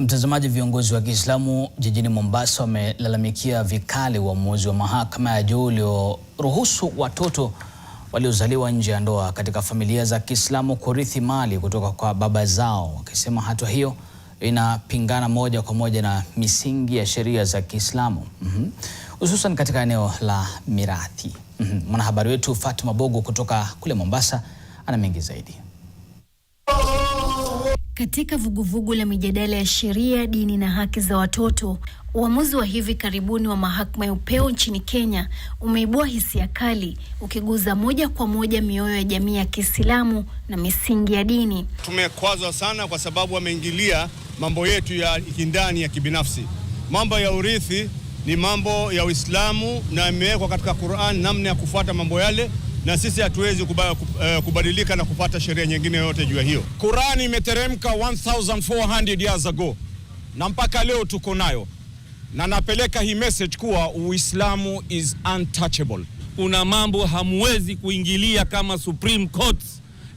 Mtazamaji, viongozi wa Kiislamu jijini Mombasa wamelalamikia vikali uamuzi wa, wa mahakama ya juu ulioruhusu watoto waliozaliwa nje ya ndoa katika familia za Kiislamu kurithi mali kutoka kwa baba zao, wakisema hatua hiyo inapingana moja kwa moja na misingi ya sheria za Kiislamu mhm. hususan mm -hmm. katika eneo la mirathi mm -hmm. Mwanahabari wetu Fatma Bogo kutoka kule Mombasa ana mengi zaidi. Katika vuguvugu la mijadala ya sheria, dini na haki za watoto, uamuzi wa hivi karibuni wa mahakama ya upeo nchini Kenya umeibua hisia kali, ukiguza moja kwa moja mioyo ya jamii ya Kiislamu na misingi ya dini. Tumekwazwa sana kwa sababu wameingilia mambo yetu ya kindani ya kibinafsi. Mambo ya urithi ni mambo ya Uislamu na imewekwa katika Qur'an namna ya kufuata mambo yale na sisi hatuwezi eh, kubadilika na kupata sheria nyingine yoyote juu ya hiyo. Qurani imeteremka 1400 years ago na mpaka leo tuko nayo, na napeleka hii message kuwa Uislamu is untouchable. Kuna mambo hamwezi kuingilia kama Supreme Court.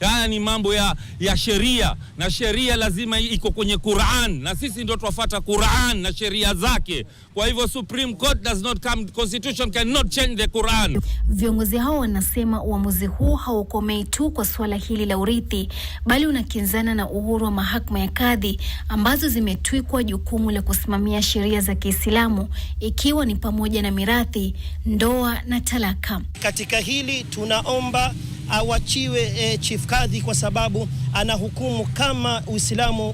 Haya ni mambo ya, ya sheria na sheria lazima iko kwenye Quran na sisi ndio tuwafuata Quran na sheria zake. Kwa hivyo Supreme Court does not come, Constitution cannot change the Quran. Viongozi hao wanasema uamuzi huu haukomei tu kwa suala hili la urithi, bali unakinzana na uhuru wa mahakama ya kadhi ambazo zimetwikwa jukumu la kusimamia sheria za Kiislamu ikiwa ni pamoja na mirathi, ndoa na talaka. Katika hili tunaomba awachiwe e, chief kadhi kwa sababu anahukumu kama Uislamu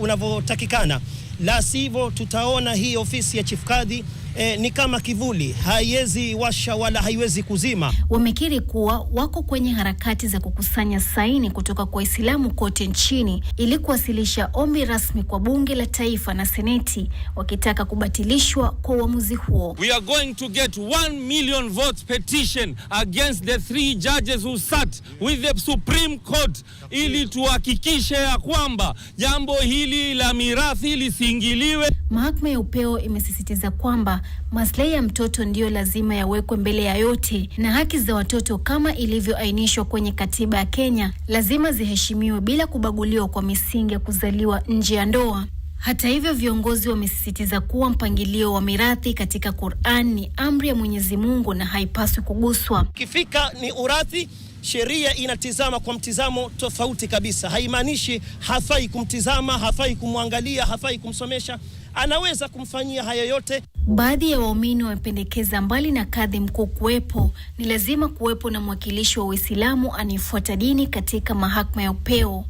unavyotakikana. Eh, la sivyo tutaona hii ofisi ya chief kadhi E, eh, ni kama kivuli, haiwezi washa wala haiwezi kuzima. Wamekiri kuwa wako kwenye harakati za kukusanya saini kutoka kwa Waislamu kote nchini ili kuwasilisha ombi rasmi kwa bunge la taifa na seneti wakitaka kubatilishwa kwa uamuzi huo. We are going to get 1 million votes petition against the three judges who sat with the Supreme Court ili tuhakikishe ya kwamba jambo hili la mirathi lisi iingiliwe. Mahakama ya Upeo imesisitiza kwamba maslahi ya mtoto ndiyo lazima yawekwe mbele ya yote na haki za watoto kama ilivyoainishwa kwenye katiba ya Kenya lazima ziheshimiwe bila kubaguliwa kwa misingi ya kuzaliwa nje ya ndoa. Hata hivyo, viongozi wamesisitiza kuwa mpangilio wa mirathi katika Qur'an ni amri ya Mwenyezi Mungu na haipaswi kuguswa. kifika ni urathi sheria inatizama kwa mtizamo tofauti kabisa. Haimaanishi hafai kumtizama, hafai kumwangalia, hafai kumsomesha, anaweza kumfanyia haya yote. Baadhi ya waumini wamependekeza mbali na kadhi mkuu kuwepo, ni lazima kuwepo na mwakilishi wa Uislamu anayefuata dini katika mahakama ya upeo.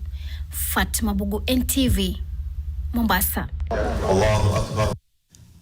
Fatma Bugu, NTV, Mombasa. Allahu Akbar.